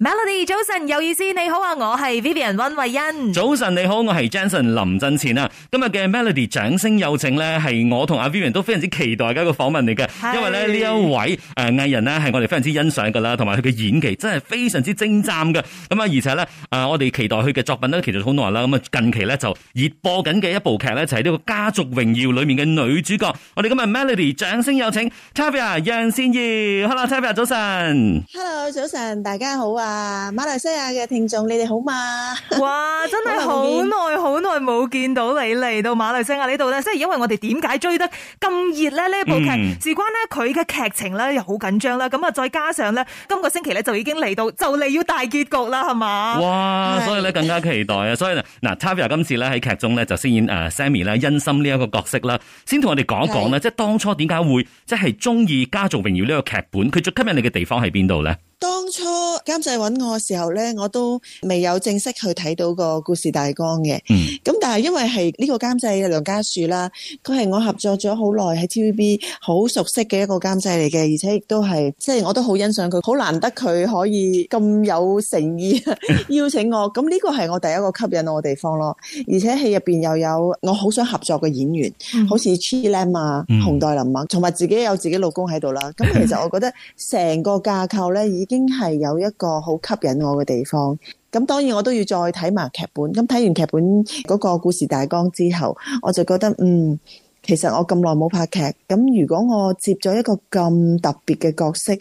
Melody 早晨有意思，你好啊，我係 Vivian 溫慧欣。早晨你好，我係 Jason 林振前啊。今日嘅 Melody 掌聲有請咧，係我同阿 Vivian 都非常之期待嘅一個訪問嚟嘅，是因為咧呢呢一位誒藝人咧係我哋非常之欣賞噶啦，同埋佢嘅演技真係非常之精湛嘅。咁啊，而且咧誒我哋期待佢嘅作品咧，其實好耐啦。咁啊，近期咧就熱播緊嘅一部劇咧就係呢個家族榮耀裏面嘅女主角。我哋今日 Melody 掌聲有請 Tavia 楊茜堯，Hello Tavia 早晨。Hello 早晨，大家好啊。啊！馬來西亞嘅聽眾，你哋好嘛？ 哇！真係好耐好耐冇見到你嚟到馬來西亞呢度咧，即係因為我哋點解追得咁熱咧？呢部劇事關呢，佢嘅劇情咧又好緊張啦，咁啊再加上咧今個星期咧就已經嚟到就嚟要大結局啦，係嘛？哇！所以咧更加期待是的 啊！所以嗱，嗱，Tavia 今次咧喺劇中咧就飾演誒 Sammy 咧欣心呢一個角色啦，先同我哋講一講咧，是的 即係當初點解會即係中意家族榮耀呢個劇本？佢最吸引你嘅地方喺邊度咧？當初監製揾我嘅時候呢，我都未有正式去睇到個故事大綱嘅。咁、嗯、但係因為係呢個監製梁家樹啦，佢係我合作咗好耐喺 TVB 好熟悉嘅一個監製嚟嘅，而且亦都係即係我都好欣賞佢，好難得佢可以咁有誠意 邀請我。咁呢個係我第一個吸引我嘅地方咯。而且戲入邊又有我好想合作嘅演員，嗯、好似 Chilam 啊、嗯、熊黛林啊，同埋自己有自己老公喺度啦。咁其實我覺得成個架構呢已。已經係有一個好吸引我嘅地方，咁當然我都要再睇埋劇本。咁睇完劇本嗰個故事大綱之後，我就覺得嗯，其實我咁耐冇拍劇，咁如果我接咗一個咁特別嘅角色，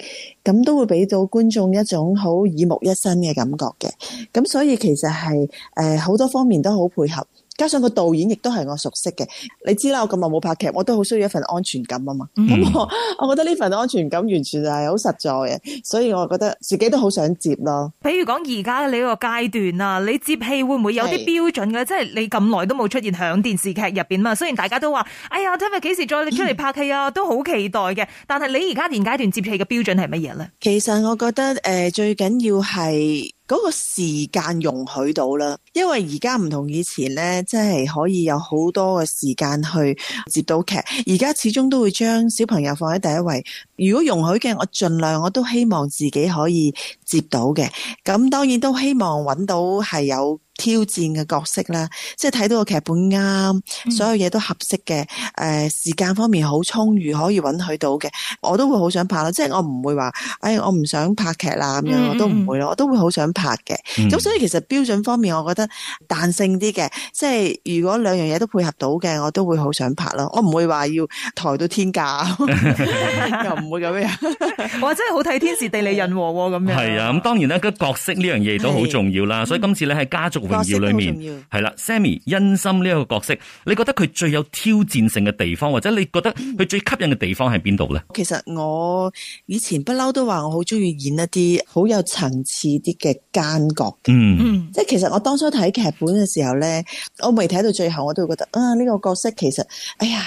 咁都會俾到觀眾一種好耳目一新嘅感覺嘅。咁所以其實係誒好多方面都好配合。加上個導演亦都係我熟悉嘅，你知啦。我咁耐冇拍劇，我都好需要一份安全感啊嘛。咁我、嗯、我覺得呢份安全感完全係好實在嘅，所以我覺得自己都好想接咯。比如講而家你個階段啊，你接戲會唔會有啲標準嘅？是即係你咁耐都冇出現響電視劇入邊嘛。雖然大家都話：哎呀，聽日幾時再出嚟拍戲啊？都好期待嘅。但係你而家現階段接戲嘅標準係乜嘢咧？其實我覺得、呃、最緊要係。嗰個時間容許到啦，因為而家唔同以前呢，即係可以有好多嘅時間去接到劇。而家始終都會將小朋友放喺第一位。如果容許嘅，我盡量我都希望自己可以接到嘅。咁當然都希望揾到係有，挑戰嘅角色啦，即係睇到個劇本啱，所有嘢都合適嘅，誒，時間方面好充裕，可以允許到嘅，我都會好想拍咯。即係我唔會話，哎，我唔想拍劇啦咁樣，我都唔會咯，我都會好想拍嘅。咁、嗯嗯、所以其實標準方面，我覺得彈性啲嘅，即係如果兩樣嘢都配合到嘅，我都會好想拍咯。我唔會話要抬到天價， 又唔會咁樣。哇，真係好睇天時地利人和咁樣。係啊，咁當然啦，個角色呢樣嘢都好重要啦。是所以今次你係家族。角色都重要，係啦，Sammy，欣心呢一個角色，你覺得佢最有挑戰性嘅地方，或者你覺得佢最吸引嘅地方喺邊度咧？嗯、其實我以前不嬲都話，我好中意演一啲好有層次啲嘅奸角嘅，嗯，即係其實我當初睇劇本嘅時候咧，我未睇到最後，我都會覺得啊，呢個角色其實，哎呀。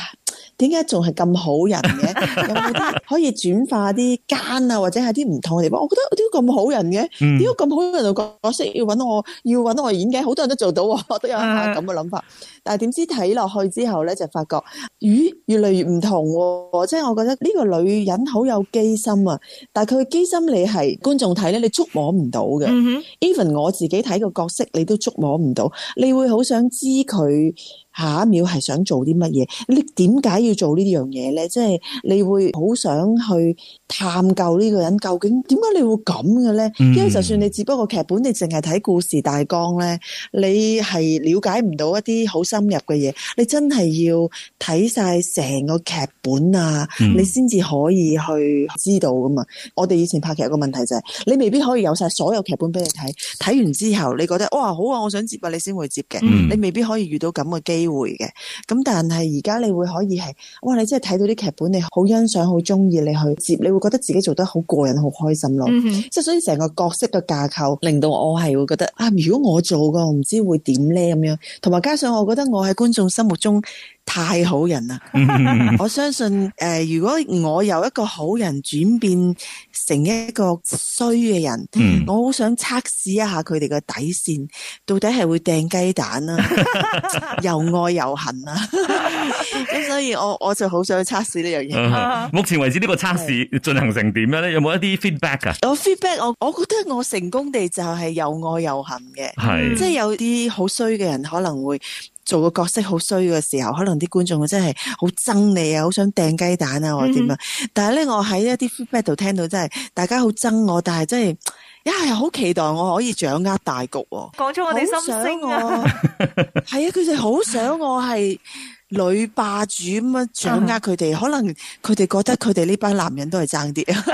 點解仲係咁好人嘅？ 有冇得可以轉化啲奸啊，或者係啲唔同嘅地方？我覺得點解咁好人嘅？點解咁好人嘅角色要揾我，要揾我演嘅？好多人都做到，我都有咁嘅諗法。啊、但係點知睇落去之後咧，就發覺咦，越嚟越唔同，哦。即係我覺得呢個女人好有機心啊，但係佢嘅機心你係觀眾睇咧，你觸摸唔到嘅。嗯、哼 Even 我自己睇個角色，你都觸摸唔到。你會好想知佢。下一秒係想做啲乜嘢？你點解要做呢樣嘢呢？即係你會好想去探究呢個人究竟點解你會咁嘅呢？嗯、因為就算你接不過劇本，你淨係睇故事大綱呢，你係了解唔到一啲好深入嘅嘢。你真係要睇晒成個劇本啊，嗯、你先至可以去知道噶嘛。我哋以前拍劇有個問題就係，你未必可以有晒所有劇本俾你睇。睇完之後你覺得哇、哦、好啊，我想接啊，你先會接嘅。嗯、你未必可以遇到咁嘅機會。機會嘅，咁但係而家你會可以係，哇！你真係睇到啲劇本，你好欣賞，好中意，你去接，你會覺得自己做得好過癮，好開心咯。即係、嗯、哼所以成個角色嘅架構，令到我係會覺得，啊！如果我做嘅，我唔知會點呢咁樣。同埋加上，我覺得我喺觀眾心目中。太好人啦！ 我相信，誒、呃，如果我由一個好人轉變成一個衰嘅人， 我好想測試一下佢哋嘅底線，到底係會掟雞蛋啦、啊，又愛又恨啦。咁 所以我我就好想測試呢樣嘢。 目前為止呢個測試是進行成點樣咧？有冇一啲 feedback 啊？我 feedback，我我覺得我成功地就係又愛又恨嘅，是即係有啲好衰嘅人可能會。做個角色好衰嘅時候，可能啲觀眾真係好憎你啊，好想掟雞蛋啊，或點樣？嗯、哼但係咧，我喺一啲 feedback 度聽到，真係大家好憎我，但係真係一係好期待我可以掌握大局喎。講出我哋心聲啊！係 啊，佢哋好想我係。女霸主咁掌握佢哋，uh huh. 可能佢哋覺得佢哋呢班男人都係爭啲啊，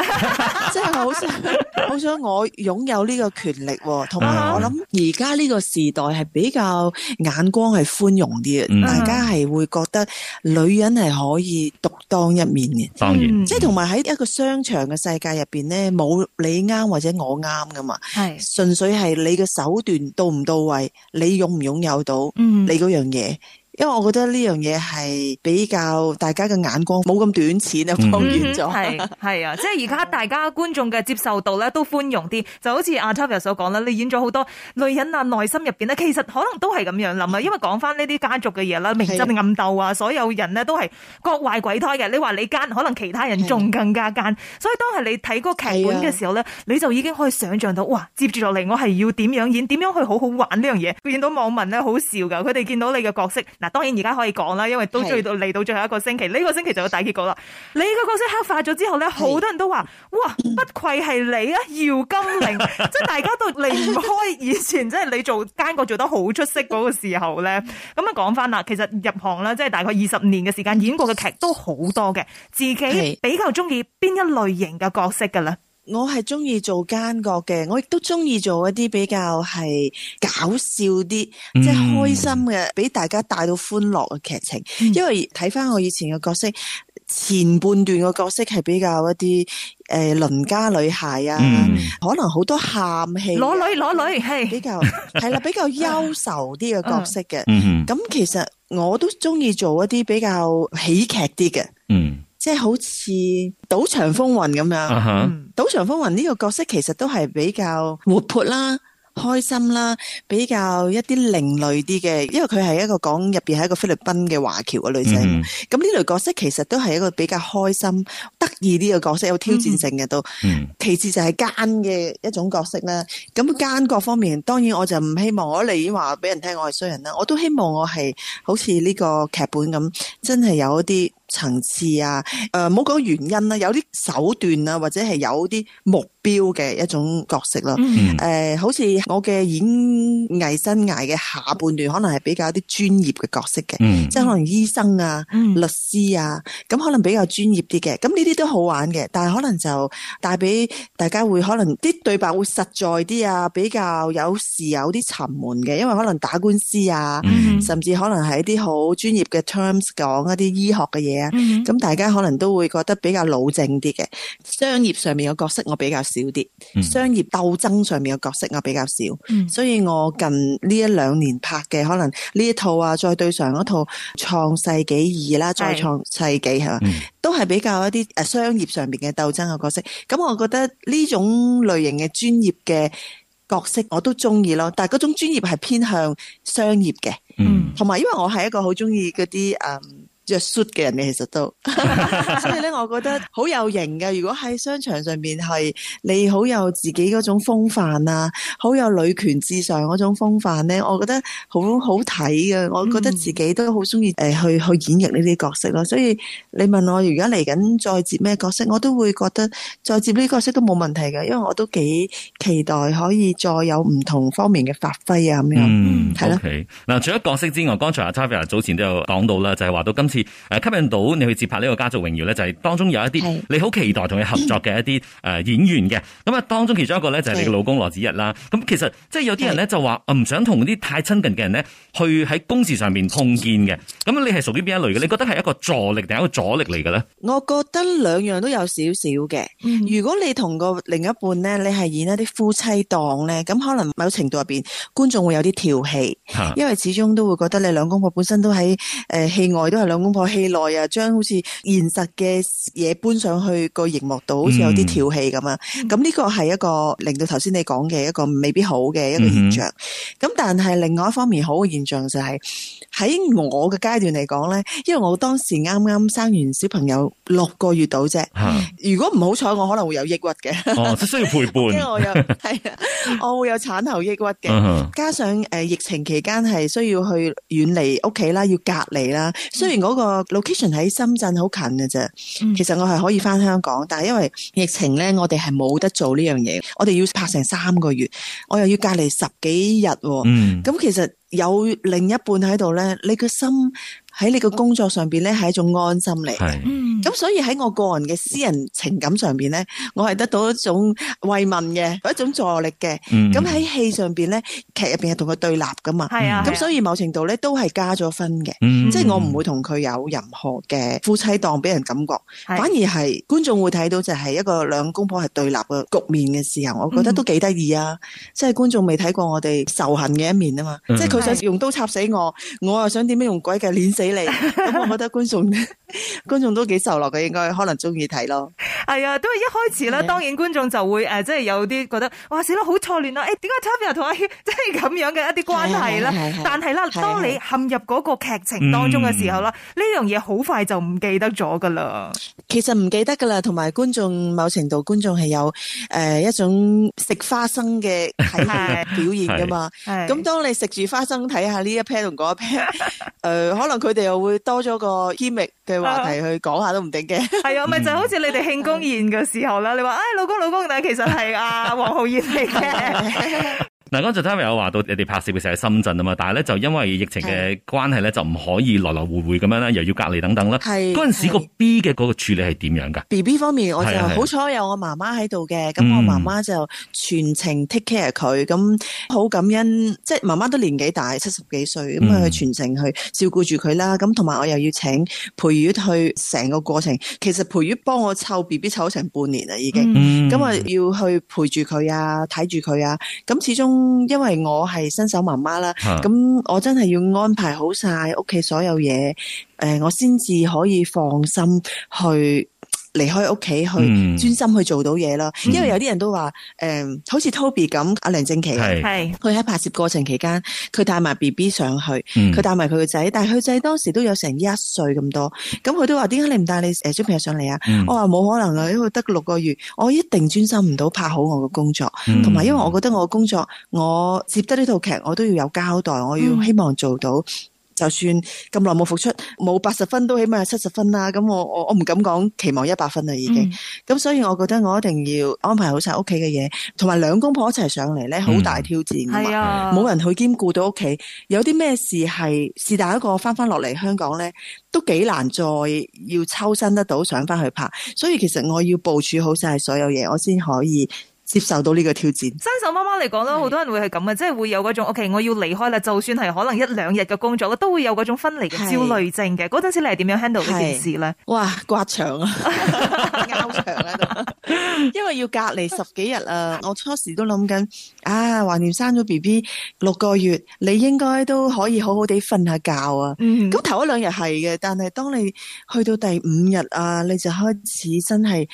即係好想好想我擁有呢個權力，同埋、uh huh. 我諗而家呢個時代係比較眼光係寬容啲、uh huh. 大家係會覺得女人係可以獨當一面嘅，當然，即係同埋喺一個商場嘅世界入邊咧，冇你啱或者我啱噶嘛，係純、uh huh. 粹係你嘅手段到唔到位，你擁唔擁有到你、uh，你、huh. 嗰樣嘢。因為我覺得呢樣嘢係比較大家嘅眼光冇咁短淺啊，放遠咗係，係啊，即係而家大家觀眾嘅接受度咧都寬容啲，就好似阿 Tavia 所講啦，你演咗好多女人啊，內心入邊呢，其實可能都係咁樣諗、mm hmm. 啊，因為講翻呢啲家族嘅嘢啦，明爭暗鬥啊，所有人呢都係各壞鬼胎嘅，你話你奸，可能其他人仲更加奸。啊、所以當係你睇嗰個劇本嘅時候呢，啊、你就已經可以想象到哇，接住落嚟，我係要點樣演，點樣去好好玩呢樣嘢。見到網民呢，好笑噶，佢哋見到你嘅角色當然而家可以講啦，因為都追到嚟到最後一個星期，呢是個星期就有大結局啦。你個角色黑化咗之後咧，好是多人都話：哇，嗯、不愧係你啊，姚金玲！ 即係大家都離唔開以前，即係 你做奸角做得好出色嗰個時候咧。咁啊，講翻啦，其實入行啦，即係大概二十年嘅時間，演過嘅劇都好多嘅。自己比較中意邊一類型嘅角色噶啦？我係中意做奸角嘅，我亦都中意做一啲比較係搞笑啲、即係、嗯、開心嘅，俾大家帶到歡樂嘅劇情。嗯、因為睇返我以前嘅角色，前半段嘅角色係比較一啲誒鄰家女孩啊，嗯、可能好多喊戲、啊，攞女攞女係比較係啦， 比較憂愁啲嘅角色嘅。咁、嗯、其實我都中意做一啲比較喜劇啲嘅。嗯即係好似《賭場風雲》咁樣，《賭場風雲》呢個角色其實都係比較活潑啦、開心啦，比較一啲另類啲嘅，因為佢係一個講入邊係一個菲律賓嘅華僑嘅女仔。咁呢類角色其實都係一個比較開心、得意啲嘅角色，有挑戰性嘅都。其次就係奸嘅一種角色啦。咁奸角方面，當然我就唔希望我嚟，已經話俾人聽我係衰人啦。我都希望我係好似呢個劇本咁，真係有一啲。層次啊，誒、呃，冇講原因啦、啊，有啲手段啊，或者係有啲目標嘅一種角色咯。誒、mm hmm. 呃，好似我嘅演藝生涯嘅下半段，可能係比較啲專業嘅角色嘅，mm hmm. 即係可能醫生啊、mm hmm. 律師啊，咁可能比較專業啲嘅。咁呢啲都好玩嘅，但係可能就帶俾大家會可能啲對白會實在啲啊，比較有時有啲沉悶嘅，因為可能打官司啊，mm hmm. 甚至可能係一啲好專業嘅 terms 講一啲醫學嘅嘢。咁、嗯、大家可能都會覺得比較老正啲嘅，商業上面嘅角色我比較少啲，嗯、商業鬥爭上面嘅角色我比較少，嗯、所以我近呢一兩年拍嘅，可能呢一套啊，再對上嗰套《創世紀二》啦，再《創世紀》係嘛，都係比較一啲誒商業上面嘅鬥爭嘅角色。咁我覺得呢種類型嘅專業嘅角色我都中意咯，但係嗰種專業係偏向商業嘅、嗯，嗯，同埋因為我係一個好中意嗰啲誒。着 shoot 嘅人咧，其實都， 所以咧，我覺得好有型嘅。如果喺商場上面係你好有自己嗰種風範啊，好有女權至上嗰種風範咧、啊，我覺得好好睇嘅。我覺得自己都好中意誒去、嗯、去演繹呢啲角色咯、啊。所以你問我而家嚟緊再接咩角色，我都會覺得再接呢個角色都冇問題嘅，因為我都幾期待可以再有唔同方面嘅發揮啊，咁樣嗯，係咯，嗯，OK。嗱，除咗角色之外，剛才阿 Tavia 早前都有講到啦，就係、是、話到今次。誒吸引到你去接拍呢個家族榮耀咧，就係、是、當中有一啲你好期待同佢合作嘅一啲誒演員嘅。咁啊，當中其中一個咧就係你嘅老公羅子溢啦。咁是的 其實即係有啲人咧就話唔想同啲太親近嘅人咧去喺公事上面碰見嘅。咁是的 你係屬於邊一類嘅？你覺得係一個助力定係一個阻力嚟嘅咧？我覺得兩樣都有少少嘅。如果你同個另一半咧，你係演一啲夫妻檔咧，咁可能某程度入邊觀眾會有啲調戲，因為始終都會覺得你兩公婆本身都喺誒戲外都係兩。突破戲內啊，將好似現實嘅嘢，搬上去個熒幕度，好似有啲跳戲咁啊！咁呢個係一個令到頭先你講嘅一個未必好嘅一個現象。咁但係另外一方面好嘅現象就係喺我嘅階段嚟講咧，因為我當時啱啱生完小朋友六個月到啫，如果唔好彩，我可能會有抑鬱嘅。哦，即係需要陪伴。因為我有係啊，我會有產後抑鬱嘅，加上誒疫情期間係需要去遠離屋企啦，要隔離啦。雖然我個 location 喺深圳好近嘅啫，其實我係可以翻香港，但係因為疫情咧，我哋係冇得做呢樣嘢，我哋要拍成三個月，我又要隔離十幾日，嗯、咁其實。有另一半喺度咧，你個心喺你個工作上邊咧係一種安心嚟嘅，咁是所以喺我個人嘅私人情感上邊咧，我係得到一種慰問嘅，一種助力嘅。咁喺戲上邊咧，劇入邊係同佢對立噶嘛，咁、啊啊、所以某程度咧都係加咗分嘅，即係、嗯、我唔會同佢有任何嘅夫妻檔俾人感覺，是反而係觀眾會睇到就係一個兩公婆係對立嘅局面嘅時候，我覺得都幾得意啊！即係、嗯、觀眾未睇過我哋仇恨嘅一面啊嘛，即係佢。是用刀插死我，我又想點樣用鬼嘅碾死你。咁 我覺得觀眾觀眾都幾受落嘅，應該可能中意睇咯。係 啊，都係一開始咧，當然觀眾就會誒，呃啊、即係有啲覺得哇，死啦，好錯亂啊！誒、欸，點解 Tavia 同、ah、阿軒即係咁樣嘅一啲關係啦、啊啊啊啊、但係啦，當你陷入嗰個劇情當中嘅時候啦，呢樣嘢好快就唔記、記得咗噶啦。其實唔記得噶啦，同埋觀眾某程度觀眾係有誒一種食花生嘅體現表現噶嘛。咁、啊啊啊、當你食住花。生睇下呢一 pair 同嗰一 pair 誒，可能佢哋又會多咗個 humour 嘅話題去講下都唔定嘅。 係啊，咪就係、好似你哋慶功宴嘅時候啦，你話誒老公老公，但係其實係阿黃浩然嚟嘅。嗱，剛才聽阿友話到你哋拍攝嘅時候喺深圳啊嘛，但係咧就因為疫情嘅關係咧，是就唔可以來來回回咁樣啦，又要隔離等等啦。係是，嗰陣時個 B 嘅嗰個處理係點樣噶？B B 方面，我就好彩有我媽媽喺度嘅，咁我媽媽就全程 take care 佢，咁好、嗯、感恩，即、就、係、是、媽媽都年紀大，七十幾歲，咁啊去全程去照顧住佢啦。咁同埋我又要請陪月去成個過程，其實陪月幫我湊 B B 湊咗成半年啦，已經，咁啊、嗯、要去陪住佢啊，睇住佢啊，咁始終。嗯，因為我係新手媽媽啦，咁我真係要安排好晒屋企所有嘢，誒，我先至可以放心去。離開屋企去、嗯、專心去做到嘢咯，因為有啲人都話誒、呃，好似 Toby 咁，阿梁靜琪係佢喺拍攝過程期間，佢帶埋 B B 上去，佢帶埋佢個仔，但佢仔當時有都有成一歲咁多，咁佢都話點解你唔帶你誒小朋友上嚟啊？嗯、我話冇可能啊，因為得六個月，我一定專心唔到拍好我嘅工作，同埋、嗯、因為我覺得我工作我接得呢套劇，我都要有交代，我要希望做到。嗯就算咁耐冇復出，冇八十分都起碼有七十分啦。咁我我我唔敢講期望一百分啦，已經。咁、嗯、所以我覺得我一定要安排好晒屋企嘅嘢，同埋兩公婆一齊上嚟咧，好大挑戰。係啊，冇人去兼顧到屋企，有啲咩事係是但一個翻翻落嚟香港咧，都幾難再要抽身得到上翻去拍。所以其實我要部署好晒所有嘢，我先可以。接受到呢個挑戰，新手媽媽嚟講啦，好多人會係咁嘅，是即係會有嗰種，OK，我要離開啦，就算係可能一兩日嘅工作，都會有嗰種分離嘅焦慮症嘅。嗰陣是時你係點樣 handle 呢件事咧？哇，刮牆啊，咬牆喺度。 因為要隔離十幾日啊，我初時都諗緊，啊，懷念生咗 BB 六個月，你應該都可以好好地瞓下覺啊。咁、嗯嗯、頭一兩日係嘅，但係當你去到第五日啊，你就開始真係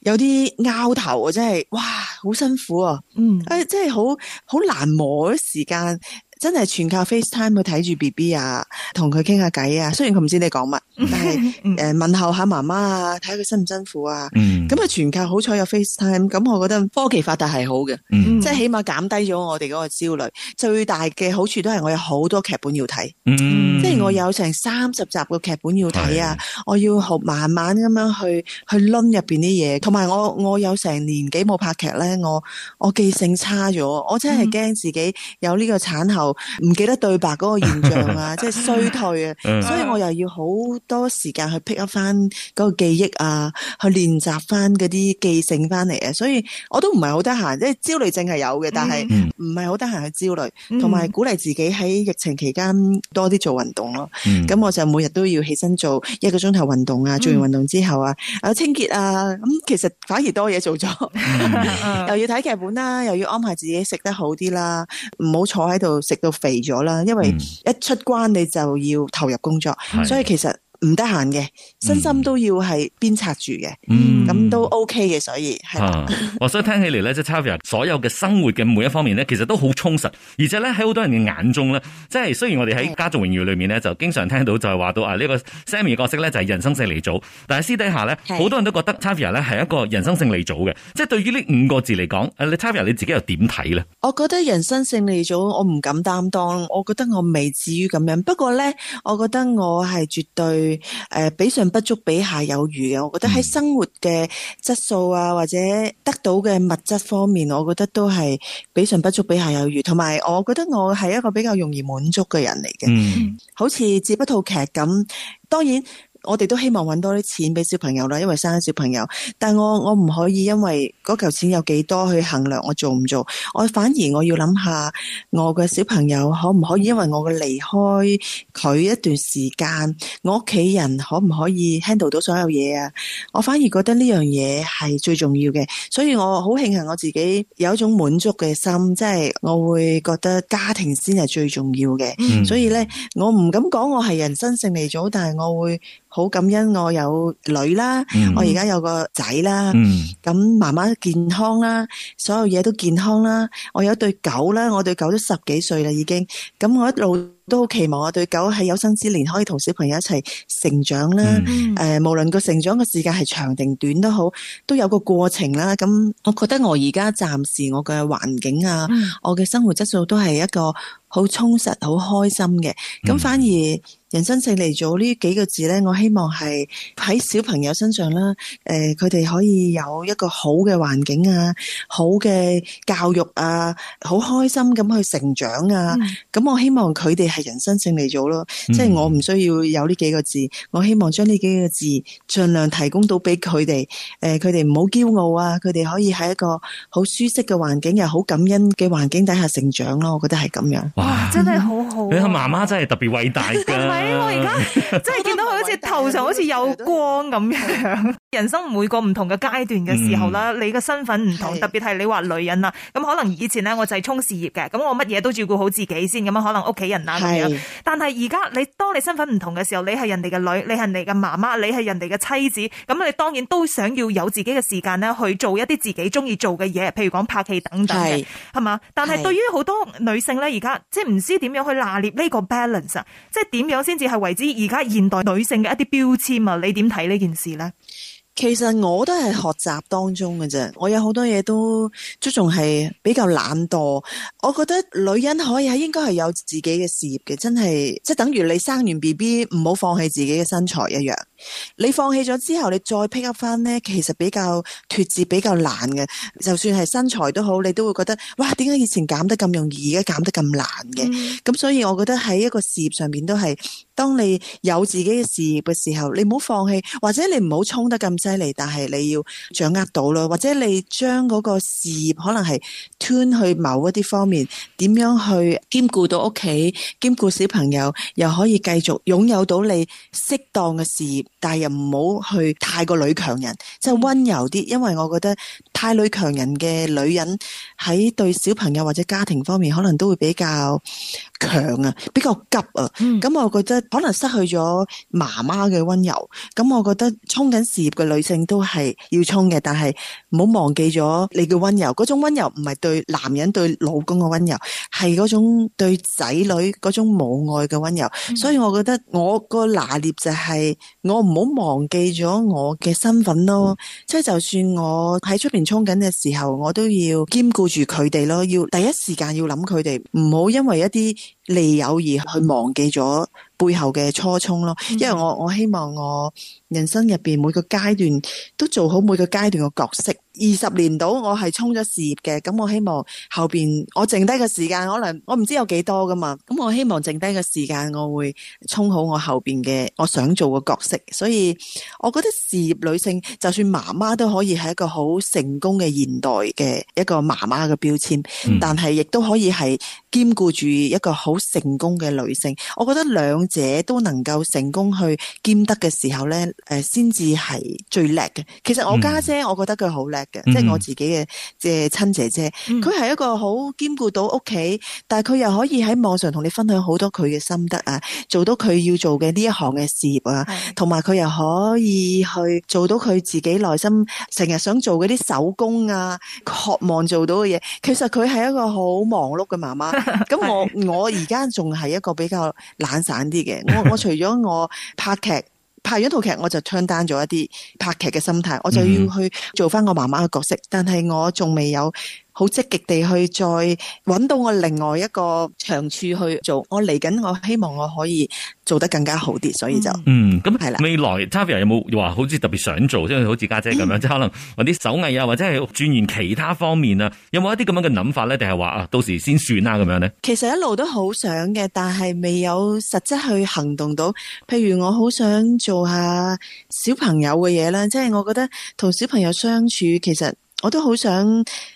有啲拗頭啊，真係，哇，好辛苦啊，誒、嗯，真係好好難磨嘅時間。真係全靠 FaceTime 去睇住 BB 啊，同佢傾下偈啊。雖然佢唔知你講乜，但係誒、 呃、問候下媽媽啊，睇下佢辛唔辛苦啊。咁啊、嗯，全靠好彩有 FaceTime。咁我覺得科技發達係好嘅，嗯、即係起碼減低咗我哋嗰個焦慮。最大嘅好處都係我有好多劇本要睇，嗯、即係我有成三十集嘅劇本要睇啊。的我要學慢慢咁樣去去掄入邊啲嘢，同埋我我有成年幾冇拍劇咧，我我記性差咗，我真係驚自己有呢個產後唔記得對白嗰個現象啊，即係 衰退啊， 所以我又要好多時間去 pick up 翻嗰個記憶啊，去練習翻嗰啲記性翻嚟啊，所以我都唔係好得閒，即係焦慮症係有嘅，但係唔係好得閒去焦慮，同埋、嗯、鼓勵自己喺疫情期間多啲做運動咯。咁我就每日都要起身做一個鐘頭運動啊，做完運動之後啊，啊清潔啊，咁其實反而多嘢做咗，嗯、 又要睇劇本啦、啊，又要安排自己食得好啲啦、啊，唔好坐喺度食。都肥咗啦，因為一出關，你就要投入工作，嗯、所以其實。唔得閒嘅，身心都要係鞭策住嘅，咁、嗯、都 OK 嘅。所以，我、嗯、所以聽起嚟咧，即係 Tavia 所有嘅生活嘅每一方面咧，其實都好充實。而且咧，喺好多人嘅眼中咧，即係雖然我哋喺家族榮耀裏面咧，就經常聽到就係話到啊，呢個 Sammy 角色咧就係人生勝利組。但係私底下咧，好多人都覺得 Tavia 咧係一個人生勝利組嘅。即係對於呢五個字嚟講，誒，你 Tavia 你自己又點睇咧？我覺得人生勝利組，我唔敢擔當。我覺得我未至於咁樣。不過咧，我覺得我係絕對。誒，比上不足，比下有餘嘅，我覺得喺生活嘅質素啊，或者得到嘅物質方面，我覺得都係比上不足，比下有餘。同埋，我覺得我係一個比較容易滿足嘅人嚟嘅，嗯、好似接不套劇咁。當然。我哋都希望揾多啲錢俾小朋友啦，因為生咗小朋友。但係我我唔可以因為嗰嚿錢有幾多去衡量我做唔做。我反而我要諗下我嘅小朋友可唔可以因為我嘅離開佢一段時間，我屋企人可唔可以 handle 到所有嘢啊？我反而覺得呢樣嘢係最重要嘅。所以我好慶幸我自己有一種滿足嘅心，即係我會覺得家庭先係最重要嘅。嗯、所以咧，我唔敢講我係人生勝利組，但係我會。好感恩我有女啦，嗯、我而家有個仔啦，咁媽媽健康啦，所有嘢都健康啦。我有一對狗啦，我對狗都十幾歲啦已經。咁我一路都好期望我對狗喺有生之年可以同小朋友一齊成長啦。誒、嗯呃，無論個成長嘅時間係長定短都好，都有個過程啦。咁我覺得我而家暫時我嘅環境啊，嗯、我嘅生活質素都係一個好充實、好開心嘅。咁反而。人生勝利組呢幾個字呢，我希望係喺小朋友身上啦。誒，佢哋可以有一個好嘅環境啊，好嘅教育啊，好開心咁去成長啊。咁我希望佢哋係人生勝利組咯，即係我唔需要有呢幾個字，我希望將呢幾個字盡量提供到俾佢哋。誒、呃，佢哋唔好驕傲啊，佢哋可以喺一個好舒適嘅環境又好感恩嘅環境底下成長咯。我覺得係咁樣。哇，哇真係好好、啊。你阿媽媽真係特別偉大㗎。 哎、我而家真係見到佢好似頭上好似有光咁樣，人生每個唔同嘅階段嘅時候啦，嗯、你嘅身份唔同，是 特別係你話女人啦，咁可能以前咧我就係衝事業嘅，咁我乜嘢都照顧好自己先，咁樣可能屋企人啦咁樣。但係而家你當你身份唔同嘅時候，你係人哋嘅女，你係人哋嘅媽媽，你係人哋嘅妻子，咁你當然都想要有自己嘅時間咧，去做一啲自己中意做嘅嘢，譬如講拍戲等等，係嘛是？但係對於好多女性咧，而家即係唔知點樣去拿捏呢個 balance 啊，即係點樣先？先至係為之，而家現代女性嘅一啲標籤啊，你點睇呢件事咧？其實我都係學習當中嘅啫，我有好多嘢都都仲係比較懶惰。我覺得女人可以係應該係有自己嘅事業嘅，真係即係等於你生完 BB 唔好放棄自己嘅身材一樣。你放棄咗之後，你再 pick up 翻呢？其實比較脫節，比較難嘅。就算係身材都好，你都會覺得哇，點解以前減得咁容易，而家減得咁難嘅？咁、嗯、所以我覺得喺一個事業上面，都係，當你有自己嘅事業嘅時候，你唔好放棄，或者你唔好衝得咁犀利，但係你要掌握到囉，或者你將嗰個事業可能係 turn 去某一啲方面，點樣去兼顧到屋企，兼顧小朋友，又可以繼續擁有到你適當嘅事業。但係又唔好去太過女強人，即係温柔啲，因為我覺得太女強人嘅女人喺對小朋友或者家庭方面，可能都會比較強啊，比較急啊。咁、嗯、我覺得可能失去咗媽媽嘅温柔。咁我覺得沖緊事業嘅女性都係要沖嘅，但係唔好忘記咗你嘅温柔。嗰種温柔唔係對男人對老公嘅温柔，係嗰種對仔女嗰種母愛嘅温柔。嗯、所以我覺得我個拿捏就係、是。我唔好忘記咗我嘅身份咯，即係就算我喺出邊衝緊嘅時候，我都要兼顧住佢哋咯，要第一時間要諗佢哋，唔好因為一啲。利友而去忘記咗背後嘅初衷咯，因為我我希望我人生入邊每個階段都做好每個階段嘅角色。二十年到我係衝咗事業嘅，咁我希望後邊我剩低嘅時間，可能我唔知有幾多噶嘛，咁我希望剩低嘅時間我會衝好我後邊嘅我想做嘅角色。所以我覺得事業女性就算媽媽都可以係一個好成功嘅現代嘅一個媽媽嘅標籤，但係亦都可以係兼顧住一個好。好成功嘅女性，我覺得兩者都能夠成功去兼得嘅時候咧，誒、呃，先至係最叻嘅。其實我家姐、姐，嗯、我覺得佢好叻嘅，嗯、即係我自己嘅即係親姐姐，佢係、嗯、一個好兼顧到屋企，但係佢又可以喺網上同你分享好多佢嘅心得啊，做到佢要做嘅呢一行嘅事業啊，同埋佢又可以去做到佢自己內心成日想做嗰啲手工啊，渴望做到嘅嘢。其實佢係一個好忙碌嘅媽媽。咁 我我而而家仲係一個比較懶散啲嘅，我我除咗我拍劇拍咗套劇，我就唱 u 咗一啲拍劇嘅心態，我就要去做翻我媽媽嘅角色，但係我仲未有。好積極地去再搵到我另外一個長處去做，我嚟緊，我希望我可以做得更加好啲，所以就嗯咁係啦、嗯、未來 Tavia 有冇話好似特別想做，即係好似家姐咁樣，即係、嗯、可能啲手藝啊，或者係鑽研其他方面啊，有冇一啲咁樣嘅諗法咧？定係話啊，到時先算啦、啊、咁樣咧？其實一路都好想嘅，但係未有實質去行動到。譬如我好想做下小朋友嘅嘢啦，即、就、係、是、我覺得同小朋友相處其實。我都好想，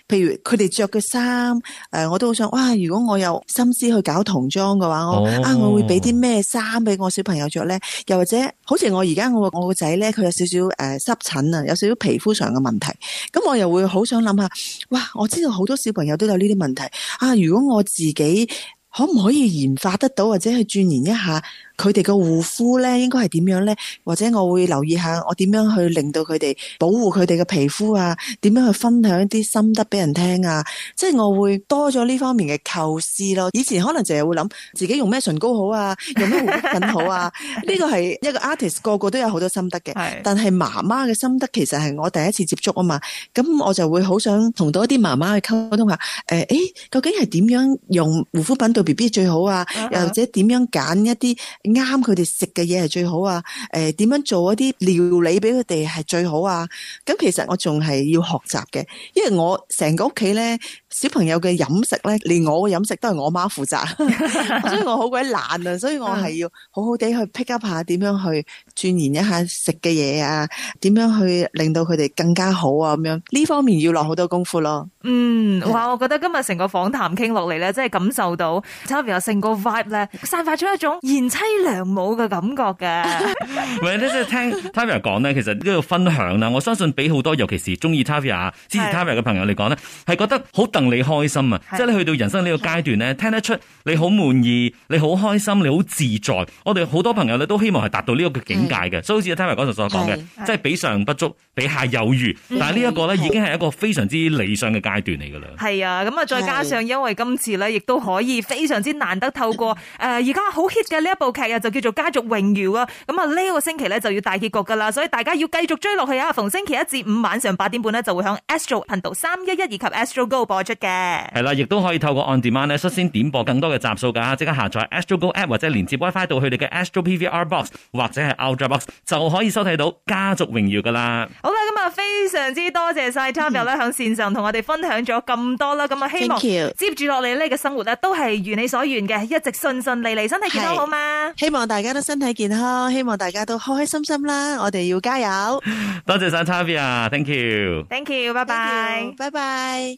譬如佢哋着嘅衫，誒，我都好想，哇！如果我有心思去搞童裝嘅話，我、哦、啊，我會俾啲咩衫俾我小朋友着呢？又或者，好似我而家我我個仔呢，佢有少少誒、呃、濕疹啊，有少少皮膚上嘅問題，咁我又會好想諗下，哇！我知道好多小朋友都有呢啲問題，啊！如果我自己。可唔可以研發得到，或者去鑽研一下佢哋嘅護膚咧？應該係點樣咧？或者我會留意一下，我點樣去令到佢哋保護佢哋嘅皮膚啊？點樣去分享一啲心得俾人聽啊？即係我會多咗呢方面嘅構思咯。以前可能就係會諗自己用咩唇膏好啊，用咩護膚品好啊？呢 個係一個 artist 個個都有好多心得嘅。 但係媽媽嘅心得其實係我第一次接觸啊嘛。咁我就會好想同到一啲媽媽去溝通一下。誒，誒，究竟係點樣用護膚品對？BB 最好啊，又或者點樣揀一啲啱佢哋食嘅嘢係最好啊？誒、呃，點樣做一啲料理俾佢哋係最好啊？咁其實我仲係要學習嘅，因為我成個屋企咧，小朋友嘅飲食咧，連我嘅飲食都係我媽負責 所，所以我好鬼懶啊，所以我係要好好地去 pick up 下，點樣去鑽研一下食嘅嘢啊，點樣去令到佢哋更加好啊，咁樣呢方面要落好多功夫咯。嗯，哇！我覺得今日成個訪談傾落嚟咧，真係感受到 Tavia 成個 vibe 咧，散發出一種賢妻良母嘅感覺嘅。喂，咧，即係聽 Tavia 講咧，其實呢個分享啦，我相信俾好多尤其是中意 Tavia 支持 Tavia 嘅朋友嚟講咧，係覺得好戥你開心啊！是即係你去到人生個呢個階段咧，聽得出你好滿意，你好開心，你好自在。我哋好多朋友咧都希望係達到呢個嘅境界嘅。嗯、所以好似 Tavia 嗰陣所講嘅，即係比上不足，比下有餘，嗯、但係呢一個咧已經係一個非常之理想嘅階段。一係啊，咁啊，再加上因為今次咧，亦都可以非常之難得透過誒，而家好 hit 嘅呢一部劇啊，就叫做《家族榮耀》啊，咁啊，呢個星期咧就要大結局噶啦，所以大家要繼續追落去啊，逢星期一至五晚上八點半呢，就會響 Astro 頻道三一一以及 Astro Go 播出嘅，係啦、啊，亦都可以透過 On Demand 咧率先點播更多嘅集數噶，即刻下載 Astro Go App 或者連接 WiFi 到佢哋嘅 Astro PVR Box 或者係 Ultra Box 就可以收睇到《家族榮耀》噶啦。好啦，咁啊，非常之多謝晒 Toby 咧響線上同我哋分享。享咗咁多啦，咁啊，希望接住落嚟呢個生活咧都係如你所願嘅，一直順順利利，身體健康好嘛！希望大家都身體健康，希望大家都開開心心啦！我哋要加油。多謝晒！Tavia，Thank you，Thank you，拜拜，拜拜。